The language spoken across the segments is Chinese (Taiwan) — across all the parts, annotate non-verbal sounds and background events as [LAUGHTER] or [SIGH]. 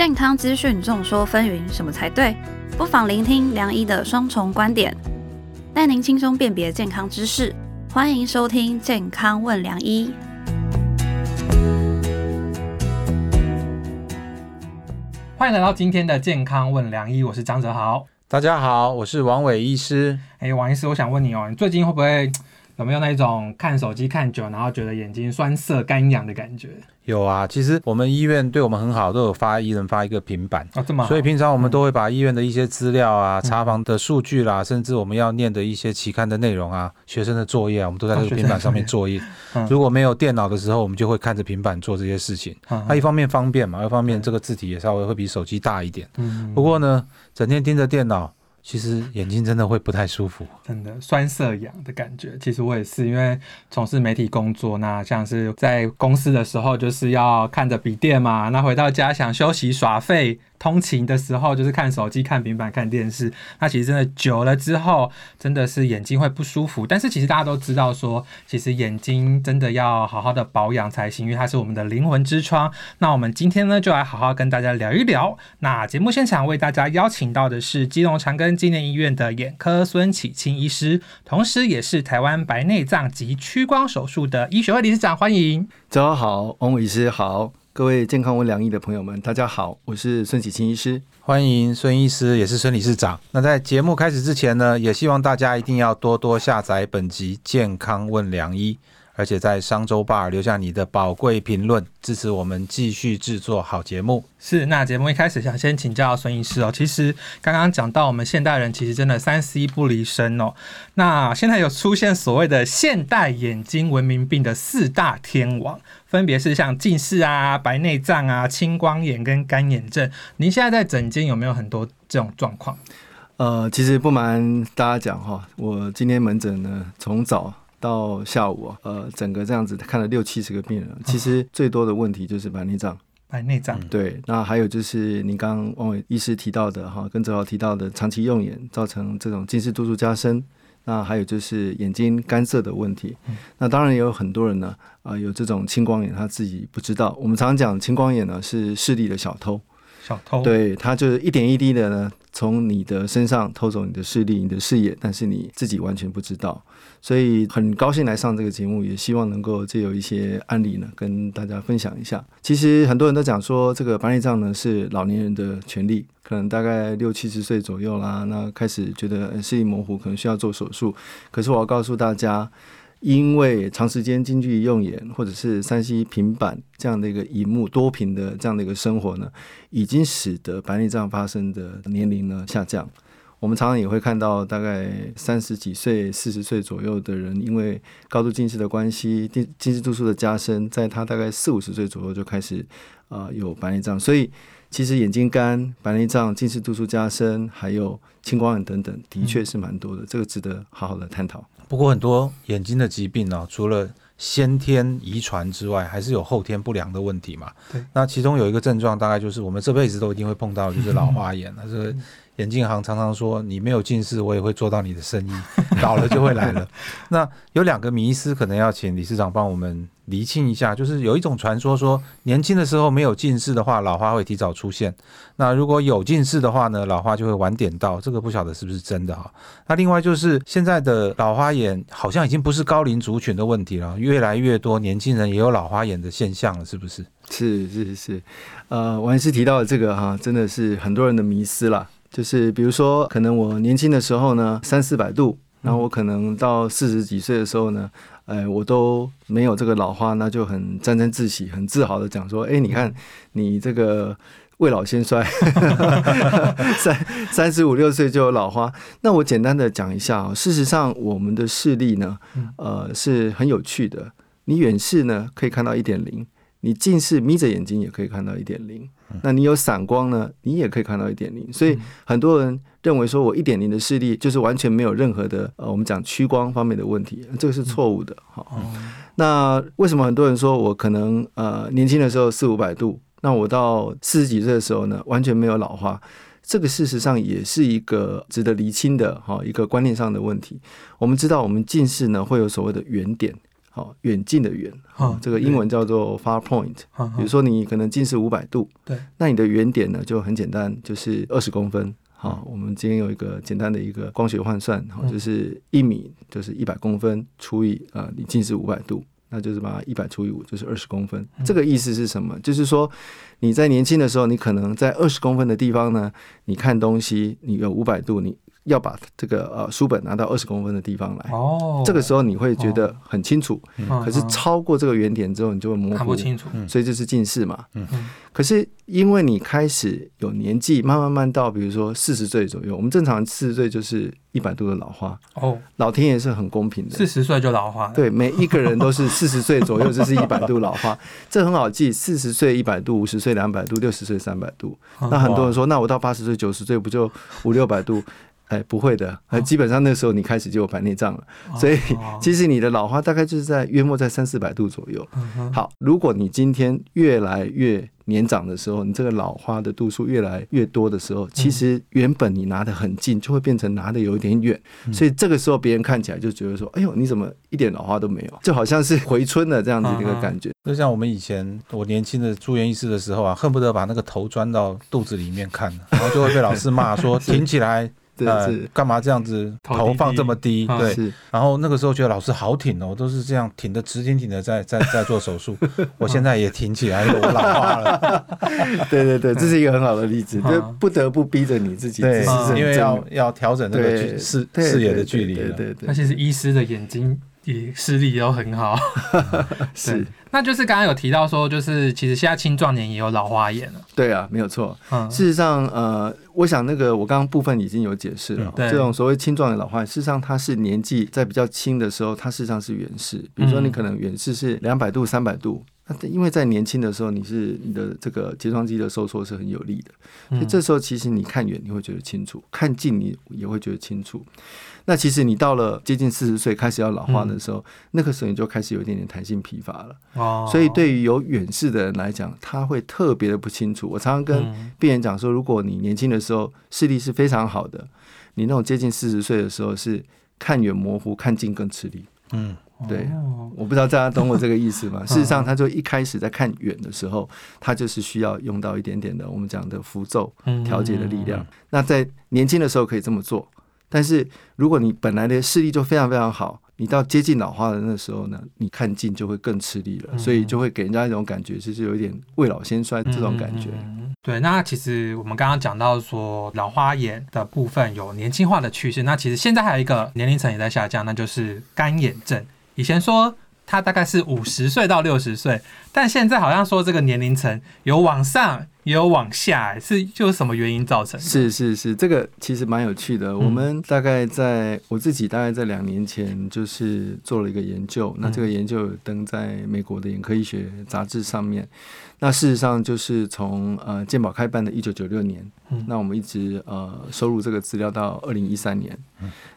健康資訊眾說紛紜，什麼才對？不妨聆聽良醫的雙重觀點，帶您輕鬆辨別健康知識。歡迎收聽《健康問良醫》，歡迎來到今天的《健康問良醫》，我是張哲豪，大家好，我是王偉醫師。哎、欸，王醫師，我想問你哦、喔，你最近會不會？有沒有那一種看手機看久，然後覺得眼睛酸澀、乾癢的感覺？有啊，其實我們醫院對我們很好，都有發一人发一個平板。啊、這麼好？所以平常我們都會把醫院的一些資料啊、嗯、查房的數據啦，甚至我們要念的一些期刊的內容啊、嗯、學生的作業啊，我們都在這個平板上面作業。啊、作業如果沒有電腦的時候，我們就會看着平板做這些事情。它、嗯啊、一方面方便嘛，一方面這個字體也稍微會比手機大一點、嗯。不過呢，整天盯着電腦。其實眼睛真的會不太舒服，真的酸澀癢的感覺。其實我也是，因為從事媒體工作，那像是在公司的時候就是要看着筆電嘛，那回到家想休息耍廢，通勤的時候，就是看手機、看平板、看電視，那其實真的久了之後，真的是眼睛會不舒服。但是其實大家都知道說，說其實眼睛真的要好好的保養才行，因為它是我們的靈魂之窗。那我們今天呢，就來好好跟大家聊一聊。那節目現場為大家邀請到的是基隆長庚紀念醫院的眼科孫啟欽醫師，同時也是台灣白內障及屈光手術的醫學會理事長，歡迎。早上好，翁醫師好。各位健康問良醫的朋友們，大家好，我是孫啟欽醫師，歡迎孫醫師，也是孫理事長。那在節目開始之前呢，也希望大家一定要多多下載本集《健康問良醫》。而且在商周吧留下你的寶貴評論，支持我們繼續制作好節目。是，那節目一開始想先請教孫醫師哦。其實剛剛講到我們現代人其實真的三 C 不離身哦。那現在有出現所謂的現代眼睛文明病的四大天王，分別是像近視啊、白內障啊、青光眼跟乾眼症。您現在在診間有沒有很多這種狀況？呃，其實不瞞大家講哈，我今天門診呢從早。到下午，啊、呃，整個這樣子看了六七十個病人，哦，其實最多的問題就是白內障。白內障，嗯、對，那還有就是你剛剛王偉醫師提到的哈，跟哲豪提到的長期用眼造成這種近視度數加深，那還有就是眼睛乾澀的問題。嗯、那當然也有很多人呢啊、呃，有這種青光眼他自己不知道。我們常常講青光眼呢是視力的小偷。偷，對，它就是一點一滴的呢，從你的身上偷走你的視力、你的視野，但是你自己完全不知道。所以很高興來上這個節目，也希望能夠借由一些案例呢，跟大家分享一下。其實很多人都講說，這個白內障呢是老年人的權利，可能大概六七十歲左右啦，那開始覺得、呃、視力模糊，可能需要做手術。可是我要告訴大家，因為長時間近距離用眼，或者是 3C 平板這樣的一個熒幕多屏的這樣的一個生活呢，已經使得白內障發生的年齡呢下降。我們常常也會看到，大概三十幾歲、四十歲左右的人，因為高度近視的關係，近近視度數的加深，在他大概四五十歲左右就開始啊、呃、有白內障。所以其實眼睛乾、白內障、近視度數加深，還有青光眼等等，的確是蠻多的，這個值得好好的探討、嗯。不過很多眼睛的疾病呢、哦，除了先天遺傳之外，還是有後天不良的問題嘛。對，那其中有一個症狀，大概就是我們這輩子都一定會碰到，就是老花眼了。嗯、是。.眼鏡行常常說：“你沒有近視，我也會做到你的生意。老了就會來了。 [LAUGHS] ”那有兩個迷思，可能要請理事長幫我們釐清一下。就是有一種傳說說，年輕的時候沒有近視的話，老花會提早出現；那如果有近視的話呢，老花就會晚點到。這個不曉得是不是真的哈？那另外就是現在的老花眼好像已經不是高齡族群的問題了，越來越多年輕人也有老花眼的現象了，是不是？是是是，呃，王醫師提到的這個哈、啊，真的是很多人的迷思了。就是比如說，可能我年輕的時候呢，三四百度，然後我可能到四十幾歲的時候呢，哎、嗯，我都沒有這個老花，那就很沾沾自喜、很自豪的講說，哎、欸，你看你這個未老先衰，三三十五六歲就有老花。那我簡單的講一下啊，事實上我們的視力呢，呃，是很有趣的。你遠視呢，可以看到一點零。你近視眯着眼睛也可以看到一點零，那你有散光呢，你也可以看到一點零。所以很多人認為說，我一點零的視力就是完全沒有任何的呃，我們講屈光方面的問題，這個是錯誤的。好、嗯，那為什麼很多人說我可能呃，年輕的時候四五百度，那我到四十幾歲的時候呢，完全沒有老花？這個事實上也是一個值得釐清的哈一個觀念上的問題。我們知道我們近視呢會有所謂的遠點。遠近的遠，哦、哦，這個英文叫做 far point。比如說你可能近視五百度，對、哦，那你的遠點呢就很簡單，就是二十公分。好、哦嗯，我們今天有一個簡單的一個光學換算，好、哦，就是一米就是一百公分除以啊、呃，你近視五百度，那就是把它一百除以五就是二十公分、嗯。這個意思是什麼？就是說你在年輕的時候，你可能在二十公分的地方呢，你看東西，你有五百度，你。要把這個呃書本拿到二十公分的地方來，哦，這個時候你會覺得很清楚，哦、可是超過這個原點之後，你就會模糊，看不清楚，嗯、所以這是近視嘛、嗯，可是因為你開始有年紀，慢，慢慢慢到比如說四十歲左右，我們正常四十歲就是一百度的老花，哦，老天爺是很公平的，四十歲就老花了，對，每一個人都是四十歲左右，這是一百度老花， [LAUGHS] 這很好記，四十歲一百度，五十歲兩百度，六十歲三百度、哦，那很多人說，那我到八十歲、九十歲不就五六百度？ [LAUGHS] 哎，不會的，呃、基本上那個時候你開始就有白內障了，哦，所以其實你的老花大概就是在約莫在三四百度左右，嗯。好，如果你今天越來越年長的時候，你這個老花的度數越來越多的時候，其實原本你拿得很近，就會變成拿得有一點遠，嗯，所以這個時候別人看起來就覺得說，哎呦，你怎麼一點老花都沒有，就好像是回春了這樣子的一個感覺，嗯。就像我們以前我年輕的住院醫師的時候啊，恨不得把那個頭鑽到肚子裡面看， [LAUGHS] 然後就會被老師罵說挺 [LAUGHS] 起來。 [LAUGHS] 呃，幹嘛這樣子、嗯、頭低低，頭放這麼低？對、啊是，然後那個時候覺得老師好挺哦，都是這樣挺的，直挺挺的在在在做手術。 [LAUGHS] 我現在也挺起來， [LAUGHS] 哎、我老化了。 [LAUGHS] 對對對，這是一個很好的例子，嗯、就不得不逼着你自己，啊、對因為要要調整那個視視野的距離。對對對，對，那其實醫師的眼睛。視力都很好、 [LAUGHS] 嗯，是。那就是剛剛有提到說，就是其實現在青壯年也有老花眼了。對啊，沒有錯、嗯。事實上，呃，我想那個我剛剛部分已經有解釋了、嗯。對。這種所謂青壯年老花眼，事實上它是年紀在比較輕的時候，它事實上是遠視。比如說，你可能遠視是兩百度、三百度，那、嗯、因為在年輕的時候，你是你的這個睫狀肌的收縮是很有力的，所以這時候其實你看遠你會覺得清楚、嗯，看近你也會覺得清楚。那其實你到了接近四十歲開始要老化的時候、嗯，那個時候你就開始有一點點彈性疲乏了。哦、所以對於有遠視的人來講，他會特別的不清楚。我常常跟病人講說、嗯，如果你年輕的時候視力是非常好的，你那種接近四十歲的時候是看遠模糊，看近更吃力。嗯，對、哦，我不知道大家懂我這個意思嗎？呵呵事實上，他就一開始在看遠的時候、哦，他就是需要用到一點點的我們講的輻輳調節的力量。嗯、那在年輕的時候可以這麼做。但是如果你本來的視力就非常非常好，你到接近老花的那時候呢，你看近就會更吃力了，所以就會給人家一種感覺，就是有一點未老先衰這種感覺嗯嗯嗯。對，那其實我們剛剛講到說，老花眼的部分有年輕化的趨勢，那其實現在還有一個年齡層也在下降，那就是乾眼症。以前說他大概是五十歲到六十歲。但現在好像說這個年齡層有往上，也有往下，是就是什麼原因造成的？是是是，這個其實蠻有趣的。我們大概在我自己大概在兩年前就是做了一個研究，那這個研究登在美國的眼科醫學雜誌上面。那事實上就是從呃健保開辦的一九九六年，那我們一直呃收入這個資料到二零一三年。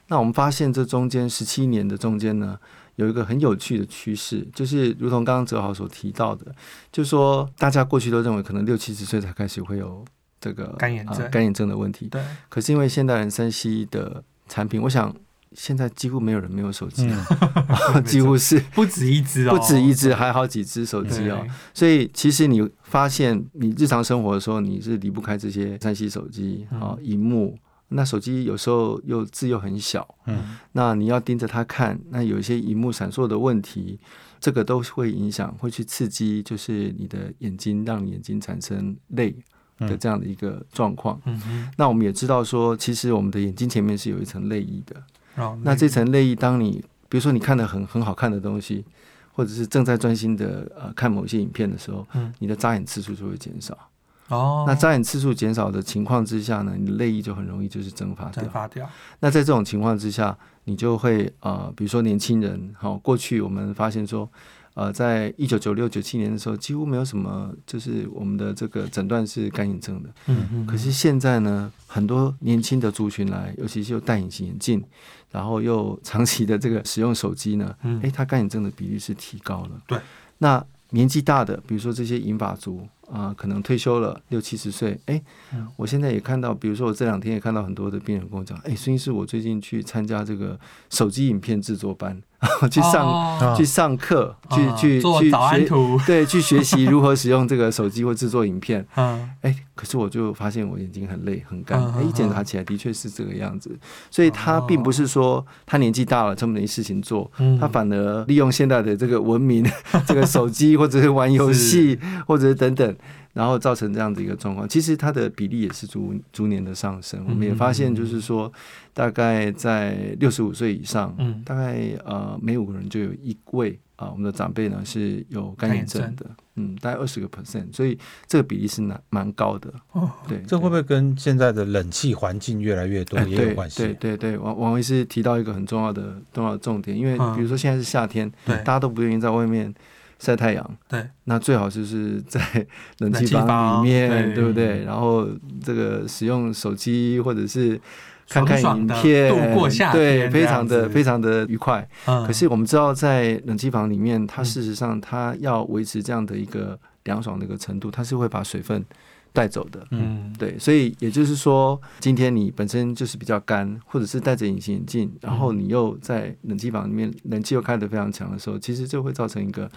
那我們發現這中間十七年的中間呢，有一個很有趣的趨勢，就是如同剛剛哲豪所提到。到的，就是說，大家過去都認為可能六七十歲才開始會有這個乾眼症、呃、乾眼症的問題。對。可是因為現代人三 C 的產品，我想現在幾乎沒有人沒有手機，嗯、 [LAUGHS] 幾乎是 [LAUGHS] 不止一隻哦，不止一隻，還好幾隻手機哦。所以其實你發現你日常生活的時候，你是離不開這些三 C 手機好，哦、熒幕、嗯。那手機有時候又字又很小，嗯，那你要盯着它看，那有一些熒幕閃爍的問題。這個都是會影響，會去刺激，就是你的眼睛，讓你眼睛產生淚的這樣的一個狀況、嗯。那我們也知道說，其實我們的眼睛前面是有一層淚液的、哦。那這層淚液，當你比如說你看得很很好看的東西，或者是正在專心的呃看某些影片的時候、嗯，你的眨眼次數就會減少。哦、oh，那眨眼次數減少的情況之下呢，你的淚液就很容易就是蒸發掉。蒸發掉。那在這種情況之下，你就會呃，比如說年輕人，好，過去我們發現說，呃，在一九九六九七年的時候，幾乎沒有什麼就是我們的這個診斷是乾眼症的。嗯嗯，嗯。可是現在呢，很多年輕的族群來，尤其是有戴隱形眼鏡，然後又長期的這個使用手機呢，誒、嗯，他乾眼症的比例是提高了。對。那年紀大的，比如說這些銀髮族。啊，可能退休了，六七十歲。哎、欸，嗯，我現在也看到，比如說我這兩天也看到很多的病人跟我講，哎、欸，孫醫師，我最近去參加這個手機影片制作班。 [LAUGHS] 去上、oh, 去上課，oh, 去、oh, 去、oh, 去去、oh, 對，去學習如何使用這個手機或製作影片。哎、oh, 欸，可是我就發現我眼睛很累很乾，哎、oh, 欸，一檢查起來的確是這個樣子。Oh. 所以他並不是說他年紀大了這麼沒事情做，oh. 他反而利用現在的這個文明，oh. [LAUGHS] 這個手機或者是玩遊戲，或者是等等。Oh. Oh. 然後造成這樣子一個狀況，其實它的比例也是逐逐年的上升。我們也發現，就是說，嗯、大概在六十五歲以上，嗯，大概呃每五個人就有一位啊、呃，我們的長輩呢是有乾眼症的乾眼症，嗯，大概二十個 percent，所以這個比例是蠻蠻高的。哦，對，這會不會跟現在的冷氣環境越來越多也有關係？哎、對對對，對，對，王王醫師提到一個很重要的重要的重點，因為比如說現在是夏天，啊、大家都不願意在外面。曬太陽，對，那最好就是在冷氣房裡面對，對不對？然後這個使用手機或者是看看影片，爽爽度過夏天，對，非常的非常的愉快。嗯，可是我們知道，在冷氣房裡面，它事實上它要維持這樣的一個涼爽的一個程度，它是會把水分帶走的。嗯，對，所以也就是說，今天你本身就是比較乾，或者是戴着隱形眼鏡，然後你又在冷氣房裡面，冷氣又開得非常強的時候，其實就會造成一個。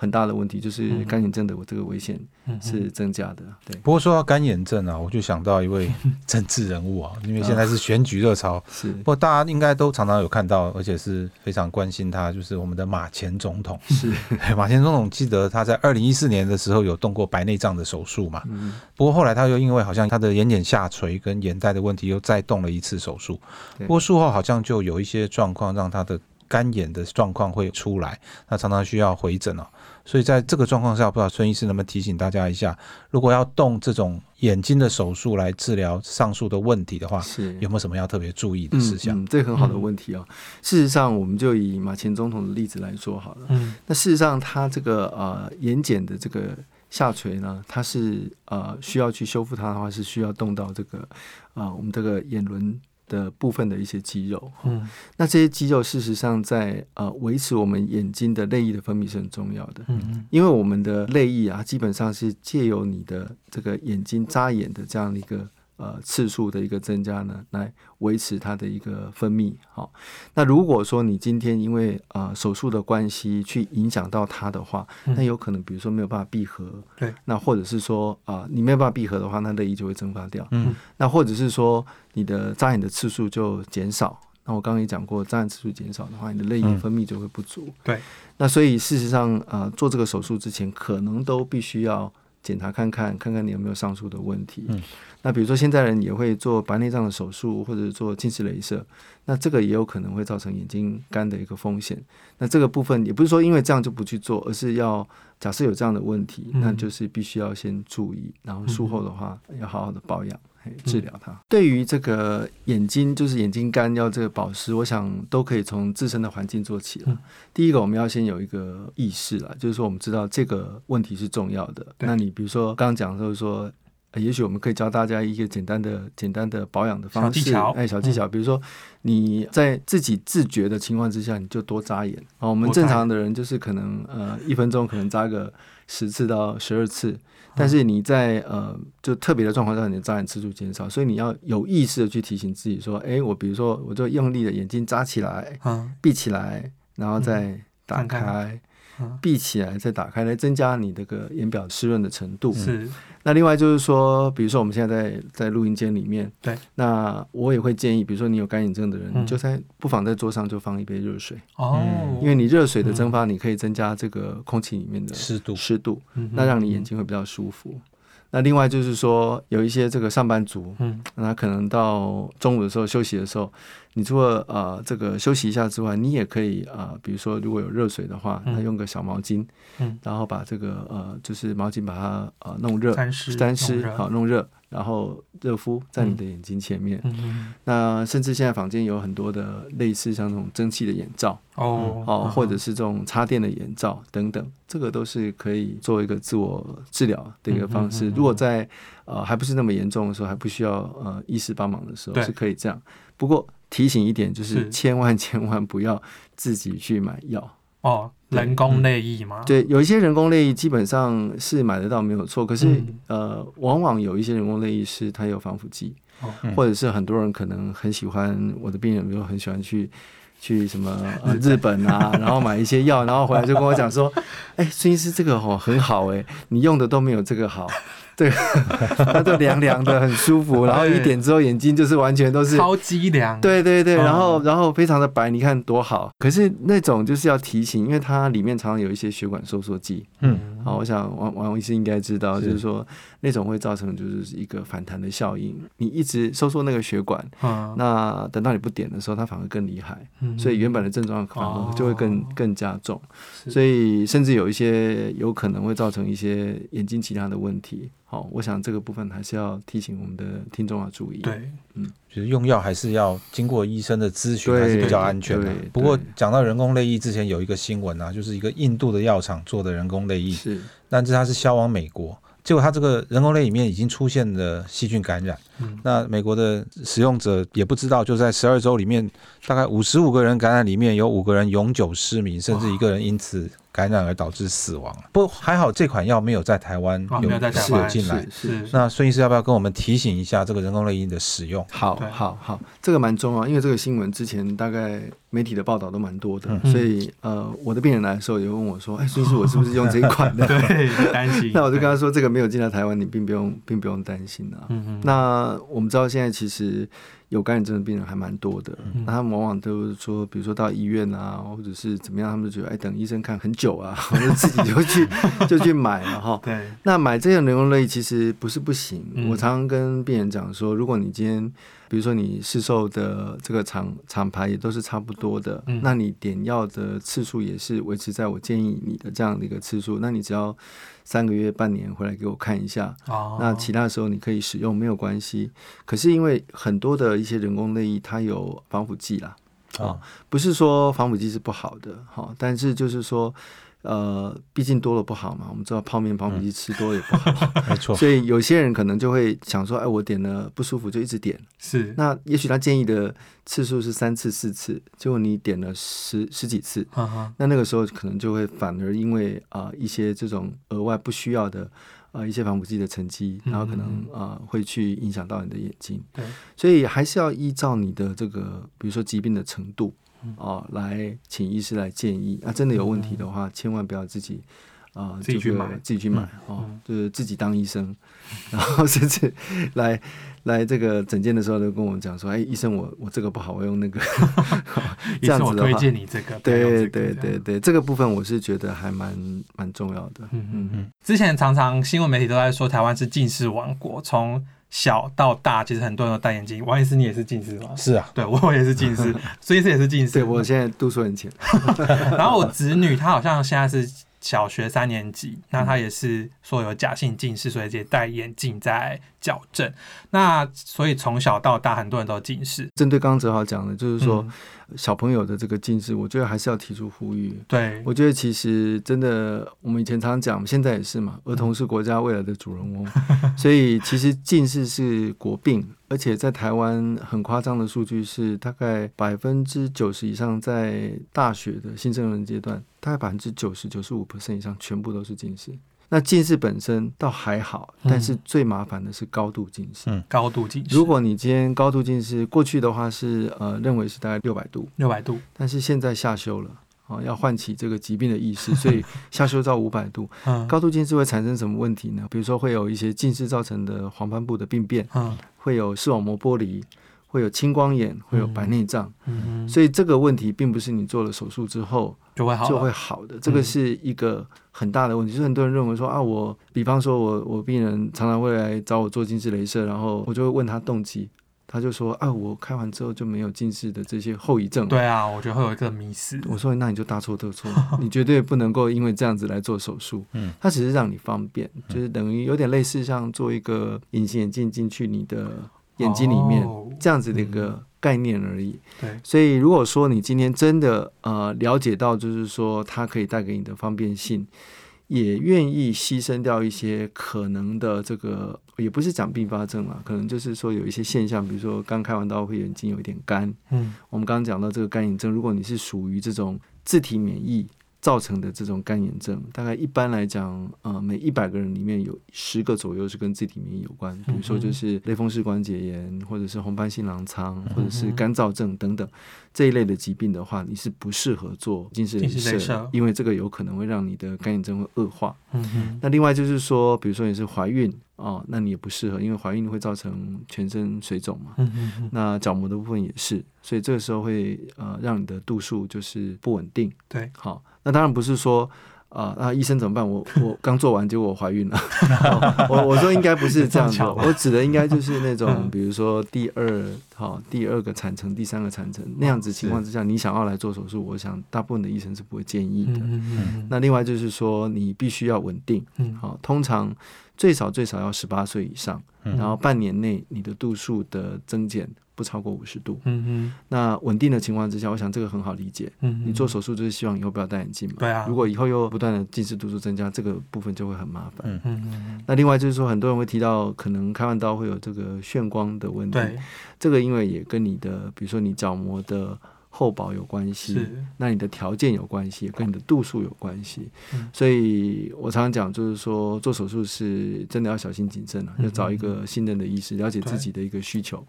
很大的問題就是乾眼症的，我這個危險是增加的。對，不過說到乾眼症啊，我就想到一位政治人物啊，因為現在是選舉熱潮， [LAUGHS] 是，不過大家應該都常常有看到，而且是非常關心他，就是我們的馬前總統。是，馬前總統記得他在二零一四年的時候有動過白內障的手術嘛？ [LAUGHS] 不過後來他又因為好像他的眼瞼下垂跟眼袋的問題，又再動了一次手術。不過術後好像就有一些狀況，讓他的乾眼的狀況會出來，他常常需要回診啊。所以在這個狀況下，不知道孫醫師能不能提醒大家一下，如果要動這種眼睛的手術來治療上述的問題的話，是有沒有什麼要特別注意的事項？嗯，嗯，這個很好的問題哦。嗯，事實上，我們就以馬前總統的例子來說好了。嗯，那事實上他這個呃眼瞼的這個下垂呢，它是呃需要去修復它的話，是需要動到這個呃我們這個眼輪的部分的一些肌肉，嗯，那這些肌肉事實上在呃維持我們眼睛的淚液的分泌是很重要的，嗯，因為我們的淚液啊，基本上是借由你的這個眼睛眨眼的這樣的一個。呃，次數的一個增加呢，來維持它的一個分泌。好、哦，那如果說你今天因為呃手術的關係去影響到它的話，嗯，那有可能比如說沒有辦法閉合，對，那或者是說啊、呃、你沒有辦法閉合的話，那淚液就會蒸發掉。嗯，那或者是說你的眨眼的次數就減少。那我剛剛也講過，眨眼次數減少的話，你的淚液分泌就會不足，嗯。對，那所以事實上啊、呃，做這個手術之前，可能都必須要。檢查看看，看看你有沒有上述的問題。嗯，那比如說現在人也會做白內障的手術，或者是做近視雷射，那這個也有可能會造成眼睛乾的一個風險。那這個部分也不是說因為這樣就不去做，而是要假設有這樣的問題，嗯，那就是必須要先注意，然後術後的話要好好的保養。嗯嗯治療它、嗯。對於這個眼睛，就是眼睛乾要這個保濕，我想都可以從自身的環境做起了。了、嗯、第一個我們要先有一個意識了，就是說我們知道這個問題是重要的。那你比如說剛剛講的就是說、呃，也許我們可以教大家一個簡單的、簡單的保養的方式，哎，小技巧、嗯，比如說你在自己自覺的情況之下，你就多眨眼。哦，我們正常的人就是可能呃，一分鐘可能眨個十次到十二次。但是你在呃，就特別的狀況下，你的眨眼次數減少，所以你要有意識的去提醒自己說，誒、欸，我比如說，我就用力的眼睛眨起來，閉、啊、起來，然後再打開，閉、嗯、起來再打開，啊、來增加你這個眼表濕潤的程度。是。那另外就是說，比如說我們現在在在錄音間裡面，對，那我也會建議，比如說你有乾眼症的人，嗯、就在不妨在桌上就放一杯熱水哦、嗯，因為你熱水的蒸發、嗯，你可以增加這個空氣裡面的濕度，濕度，那讓你眼睛會比較舒服、嗯。那另外就是說，有一些這個上班族，嗯、那可能到中午的時候休息的時候。你除了呃這個休息一下之外，你也可以啊、呃，比如說如果有熱水的話，那、嗯、用個小毛巾，嗯、然後把這個呃就是毛巾把它啊、呃、弄熱，濕，濕好、哦、弄熱，然後熱敷在你的眼睛前面。嗯嗯、那甚至現在坊間有很多的類似像那種蒸汽的眼罩，哦，嗯、或者是這種插電的眼罩等等、哦哦，這個都是可以做一個自我治療的一個方式。嗯哼嗯哼嗯哼，如果在呃還不是那麼嚴重的時候，還不需要呃醫師幫忙的時候是可以這樣。不過提醒一點就是，千萬千萬不要自己去買藥、嗯、哦。人工淚液嗎？對，有一些人工淚液基本上是買得到沒有錯，可是、嗯、呃，往往有一些人工淚液是它有防腐劑、哦嗯，或者是很多人可能很喜歡，我的病人有很喜歡去去什麼、呃、日本啊， [LAUGHS] 然後買一些藥，然後回來就跟我講說， [LAUGHS] 哎，孫醫師這個哦很好哎、欸，你用的都沒有這個好。對， [LAUGHS] 它就涼涼的，很舒服。然後一點之後，眼睛就是完全都是超級涼。對對對，然後然後非常的白，你看多好。可是那種就是要提醒，因為它裡面常常有一些血管收縮劑。嗯。好、哦，我想王王醫師應該知道，就是說那種會造成就是一個反彈的效應，你一直收縮那個血管，啊、那等到你不點的時候，它反而更厲害，嗯，所以原本的症狀反而就會更、哦、更加重，所以甚至有一些有可能會造成一些眼睛其他的問題。好、哦，我想這個部分還是要提醒我們的聽眾要注意。對，嗯。就是用藥還是要經過醫生的諮詢，還是比較安全的。不過講到人工淚液，之前有一個新聞啊，就是一個印度的藥廠做的人工淚液，是，但是它是銷往美國，結果它這個人工淚裡面已經出現了細菌感染。嗯，那美國的使用者也不知道，就在十二週裡面，大概五十五個人感染，裡面有五個人永久失明，甚至一個人因此。哦感染而導致死亡，不過還好這款藥沒有在台灣有、啊、沒有進來。是是是，那孫醫師要不要跟我們提醒一下這個人工淚液的使用？好好好，這個蠻重要，因為這個新聞之前大概媒體的報道都蠻多的，所以呃，我的病人來的時候也問我說：“哎、欸，孫醫師，我是不是用這一款的？” [LAUGHS] 對，擔擔心。 [LAUGHS] 那我就跟他說：“這個沒有進到台灣，你並不用，並不用擔心啊、嗯。那我們知道現在其實。有乾眼症的病人還蠻多的，那他們往往都是說，比如說到醫院啊，或者是怎麼樣，他們就覺得哎、欸，等醫生看很久啊，我就自己就去 [LAUGHS] 就去買了哈。 [LAUGHS] 對，那買這個人工淚其實不是不行。我常常跟病人講說，如果你今天，比如說你市售的這個廠廠牌也都是差不多的，那你點藥的次數也是維持在我建議你的這樣的一個次數，那你只要。三個月、半年回來給我看一下，哦，那其他時候你可以使用沒有關係。可是因為很多的一些人工淚液，它有防腐劑啦，啊、哦哦，不是說防腐劑是不好的哈，但是就是說。呃，畢竟多了不好嘛。我們知道泡麵防腐劑吃多了也不好，沒、嗯、錯。 [LAUGHS] 所以有些人可能就會想說：“哎，我點了不舒服，就一直點。”是。那也許他建議的次數是三次、四次，結果你點了十十幾次、啊，那那個時候可能就會反而因為啊、呃、一些這種額外不需要的呃一些防腐劑的沉積，然後可能啊、嗯嗯呃、會去影響到你的眼睛。對。所以還是要依照你的這個，比如說疾病的程度。哦，來請醫師來建議啊！真的有問題的話，嗯、千萬不要自己啊、呃，自己去買，嗯、自己去買啊、哦嗯，就是自己當醫生。嗯、然後甚至來來這個診間的時候，就跟我們講說：“哎，醫生我，我我這個不好，我用那個、 [LAUGHS] 這個、 [LAUGHS] 這樣子的話。 [LAUGHS] ”我推薦你這個。對對對對對，這個部分我是覺得還蠻蠻重要的。嗯嗯嗯，之前常常新聞媒體都在說台灣是近視王國，從小到大，其實很多人都戴眼鏡。王醫師，你也是近視嗎？是啊，對，對我也是近視，所以這也是近視。對、 [LAUGHS] 嗯，我現在度數很淺。然後我子女，他好像現在是小學三年級， [LAUGHS] 那他也是說有假性近視，所以也戴眼鏡在。矯正那，所以從小到大很多人都近視。針對剛剛哲豪講的，就是說、嗯、小朋友的這個近視，我覺得還是要提出呼籲。對，我覺得其實真的，我們以前常常講，現在也是嘛，兒童是國家未來的主人翁，嗯、所以其實近視是國病， [LAUGHS] 而且在台灣很誇張的數據是，大概百分之九十以上在大學的新生人階段，大概百分之九十九十五 percent 以上，全部都是近視。那近視本身倒還好，但是最麻煩的是高度近視、嗯。高度近視。如果你今天高度近視，過去的話是呃認為是大概六百度，六百度。但是現在下修了啊、呃，要喚起這個疾病的意識，所以下修到五百度。 [LAUGHS] 高度近視會產生什麼問題呢、嗯？比如說會有一些近視造成的黃斑部的病變、嗯，會有視網膜剝離。會有青光眼，會有白內障。嗯，所以這個問題並不是你做了手術之後就會就會好的。這個是一個很大的問題。嗯，就是很多人認為說啊，我比方說我我病人常常會來找我做近視雷射，然後我就會問他動機，他就說啊，我開完之後就沒有近視的這些後遺症。對啊，我覺得會有一個迷思。我說那你就大錯特錯， [LAUGHS] 你絕對不能夠因為這樣子來做手術。嗯，它只是讓你方便，就是等於有點類似像做一個隱形眼鏡進去你的。眼睛裡面這樣子的一個概念而已。哦嗯、對，所以如果說你今天真的呃了解到，就是說它可以帶給你的方便性，也願意犧牲掉一些可能的這個，也不是講併發症嘛，可能就是說有一些現象，比如說剛開完刀會眼睛有一點乾。嗯，我們剛剛講到這個乾眼症，如果你是屬於這種自體免疫。造成的這種乾眼症，大概一般來講，呃，每一百個人裡面有十個左右是跟自體免疫有關。比如說，就是類風濕關節炎，或者是紅斑性狼瘡，或者是乾燥症等等這一類的疾病的話，你是不適合做近視眼手術，因為這個有可能會讓你的乾眼症會惡化。嗯哼。那另外就是說，比如說你是懷孕。哦，那你也不適合，因為懷孕會造成全身水腫嘛， [LAUGHS] 那角膜的部分也是，所以這個時候會呃讓你的度數就是不穩定。對，好，哦，那當然不是說。啊，那醫生怎麼辦？我我剛做完，結果我懷孕了。 [LAUGHS] 哦、我我說應該不是這樣的， [LAUGHS] 我指的應該就是那種，比如說第二好，哦，第二個產程、第三個產程那樣子情況之下，你想要來做手術，我想大部分的醫生是不會建議的。嗯嗯嗯，那另外就是說，你必須要穩定，好，哦，通常最少最少要十八歲以上，然後半年內你的度數的增減，不超過五十度，嗯，那穩定的情況之下，我想這個很好理解，嗯，你做手術就是希望以後不要戴眼鏡嘛，對、嗯、啊，如果以後又不斷的近視度數增加，這個部分就會很麻煩，嗯嗯嗯，那另外就是說，很多人會提到可能開完刀會有這個眩光的問題，對，這個因為也跟你的，比如說你角膜的。厚薄有關係，那你的條件有關係，跟你的度數有關係、嗯。所以我常常講，就是說做手術是真的要小心謹慎了、啊嗯嗯嗯，要找一個信任的醫師，了解自己的一個需求，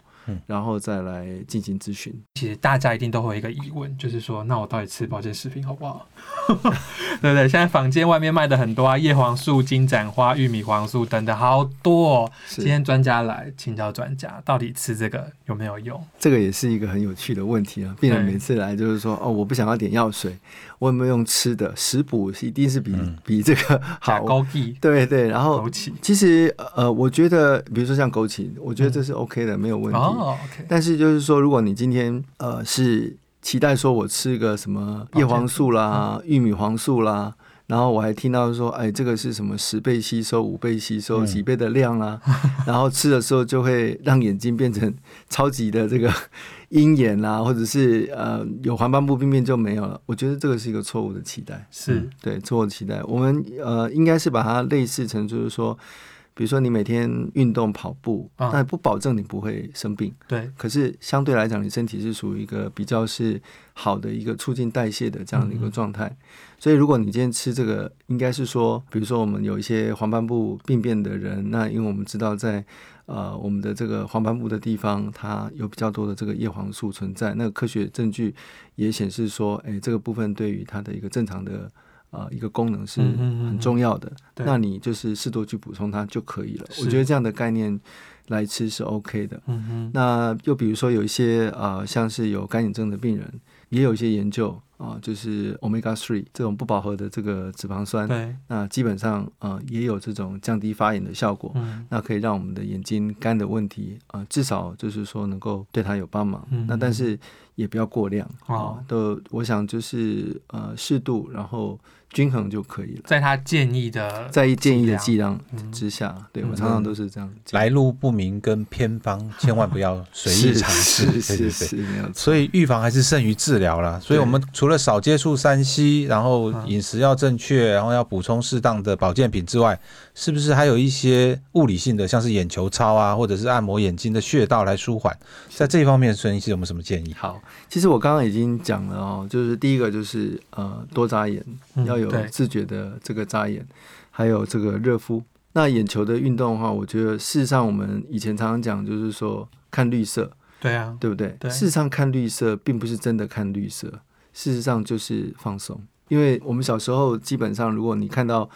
然後再來進行諮詢、嗯。其實大家一定都會有一個疑問，就是說，那我到底吃保健食品好不好？ [LAUGHS] 對對，現在坊間外面賣的很多啊，葉黃素、金盞花、玉米黃素等等，好多、哦。今天專家來請教專家，到底吃這個有沒有用？這個也是一個很有趣的問題啊。病人每次來就是說，哦，我不想要點藥水，我有沒有用吃的？食補是一定是比、嗯、比這個好。枸杞，對對，對，然後枸杞。其實呃，我覺得比如說像枸杞，我覺得這是 OK 的，嗯、沒有問題、哦 okay。但是就是說，如果你今天呃是。期待說我吃個什麼葉黃素啦、嗯、玉米黃素啦，然後我還聽到說，哎，這個是什麼十倍吸收、五倍吸收幾倍的量啦、啊， [LAUGHS] 然後吃的時候就會讓眼睛變成超級的這個鷹眼啊，或者是呃有黃斑部病變就沒有了。我覺得這個是一個錯誤的期待，是對錯誤的期待。我們呃應該是把它類似成就是說，比如說你每天運動跑步，啊、但不保證你不會生病。對，可是相對來講，你身體是屬於一個比較是好的一個促進代謝的這樣的一個狀態嗯嗯。所以如果你今天吃這個，應該是說，比如說我們有一些黃斑部病變的人，那因為我們知道在呃我們的這個黃斑部的地方，它有比較多的這個葉黃素存在。那個、科學證據也顯示說，誒、哎，這個部分對於它的一個正常的。啊、呃，一個功能是很重要的，嗯、哼哼，那你就是適度去補充它就可以了。我覺得這樣的概念來吃是 OK 的。嗯、那又比如說有一些啊、呃，像是有乾眼症的病人，也有一些研究啊、呃，就是 omega three 這種不飽和的這個脂肪酸，那基本上啊、呃、也有這種降低發炎的效果，嗯。那可以讓我們的眼睛乾的問題啊、呃，至少就是說能夠對它有幫忙。嗯、哼哼，那但是也不要過量啊、呃哦。都我想就是呃適度，然後。均衡就可以了，在他建議的，在一建議的劑量之下，嗯、對我常常都是這樣。來路不明跟偏方，千萬不要隨意嘗試。 [LAUGHS] 是是是，對對對是，是，是，所以預防還是勝於治療啦。所以，我們除了少接觸 3C，然後飲食要正確，然後要補充適當的保健品之外、啊，是不是還有一些物理性的，像是眼球操啊，或者是按摩眼睛的穴道來舒緩？在這一方面，孫醫師有沒有什麼建議？好，其實我剛剛已經講了哦，就是第一個就是呃，多眨眼要。嗯有自覺的這個眨眼，還有這個熱敷。那眼球的運動的話，我覺得事實上我們以前常常講，就是說看綠色，對啊，對不對？對？事實上看綠色並不是真的看綠色，事實上就是放鬆。因為我們小時候基本上，如果你看到。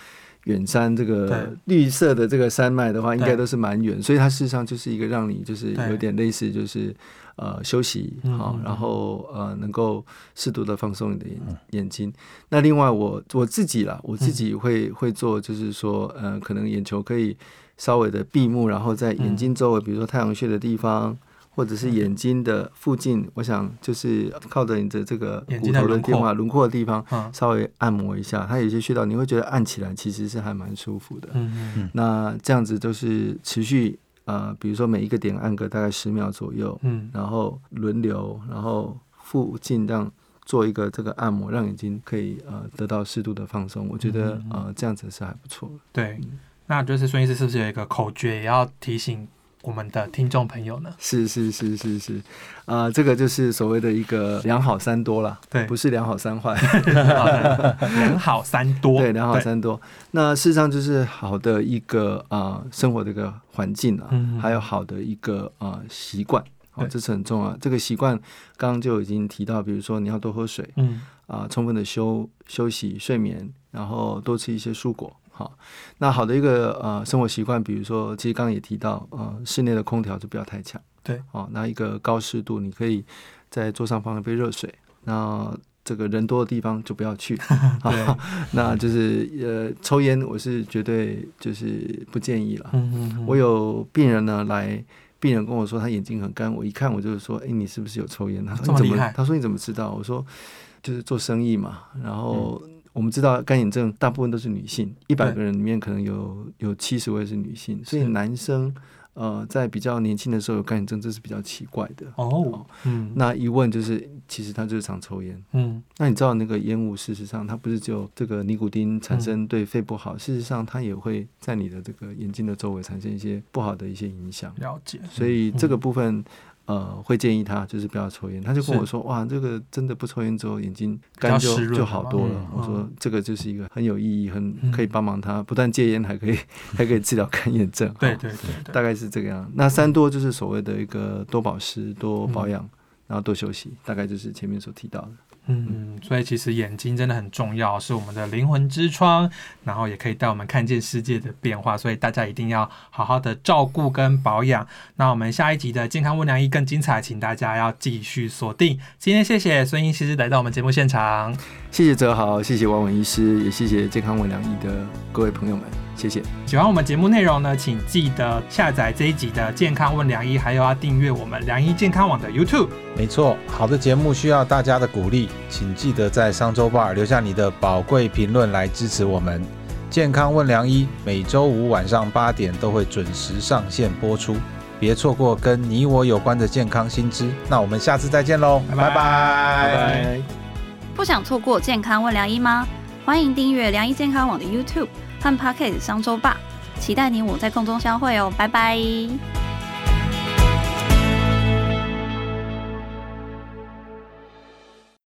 遠山這個綠色的這個山脈的話，應該都是蠻遠，所以它事實上就是一個讓你就是有點類似就是呃休息，然後呃能夠適度的放鬆你的眼眼睛。嗯。那另外我我自己啦，我自己會會做，就是說呃可能眼球可以稍微的閉目，然後在眼睛周圍，比如說太陽穴的地方。或者是眼睛的附近，我想就是靠着你的這個骨頭的輪廓、輪廓的地方，稍微按摩一下。它有一些穴道，你會覺得按起來其實是還蠻舒服的。嗯嗯。那這樣子就是持續呃，比如說每一個點按個大概十秒左右，嗯，然後輪流，然後附近讓做一個這個按摩，讓眼睛可以呃得到適度的放鬆。我覺得呃這樣子是還不錯。嗯嗯嗯。對，那就是孫醫師是不是有一個口訣也要提醒？我們的聽眾朋友呢？是是是是是，啊、呃，這個就是所謂的一個良好三多啦，對，不是良好三壞， [LAUGHS] [LAUGHS] 良好三多，對，良好三多。那事實上就是好的一個啊、呃、生活的一個環境啊，嗯、還有好的一個啊、呃、習慣，哦，這是很重要。這個習慣剛剛就已經提到，比如說你要多喝水，嗯，啊、呃，充分的休休息、睡眠，然後多吃一些蔬果。好，那好的一個呃生活習慣，比如說，其實剛剛也提到，呃，室內的空調就不要太強。對，哦，那一個高濕度，你可以在桌上放一杯熱水。那這個人多的地方就不要去。 [LAUGHS] 對哈哈，那就是呃，抽煙我是絕對就是不建議了。嗯，嗯，嗯。我有病人呢來，病人跟我說他眼睛很乾，我一看我就是說，哎、欸，你是不是有抽煙？他說：你怎麼？他說你怎麼知道？我說就是做生意嘛，然後。嗯我們知道乾眼症大部分都是女性，一百個人裡面可能有有七十位是女性，所以男生呃在比較年輕的時候有乾眼症，這是比較奇怪的哦、哦、嗯。那一問就是其實他就是常抽菸。嗯，那你知道那個煙霧，事實上它不是只有這個尼古丁產生對肺不好、嗯，事實上它也會在你的這個眼睛的周圍產生一些不好的一些影響。了解，所以這個部分。嗯嗯呃，會建議他就是不要抽菸，他就跟我說，哇，這個真的不抽菸之後眼睛乾就就好多了、嗯嗯。我說這個就是一個很有意義，很可以幫忙他不但戒菸、嗯，還可以還可以治療乾眼症、嗯哦。對對對，大概是這個樣。那三多就是所謂的一個多保濕、多保養、嗯，然後多休息，大概就是前面所提到的。嗯，所以其實眼睛真的很重要，是我們的靈魂之窗，然後也可以帶我們看見世界的變化。所以大家一定要好好的照顧跟保養。那我們下一集的健康問良醫更精彩，請大家要繼續鎖定。今天謝謝孫啟欽醫師來到我們節目現場，謝謝哲豪，謝謝王偉醫師，也謝謝健康問良醫的各位朋友們。謝謝。喜歡我們節目內容呢，請記得下載這一集的《健康問良醫》，還有要訂閱我們良醫健康網的 YouTube。沒錯，好的節目需要大家的鼓勵，請記得在商周 bar 留下你的寶貴評論來支持我們。健康問良醫每周五晚上八點都會準時上線播出，別錯過跟你我有關的健康新知。那我們下次再見嘍，拜拜。不想錯過健康問良醫嗎？歡迎訂閱良醫健康網的 YouTube。和 Podcast 商周吧，期待你我在空中相會哦、喔，拜拜。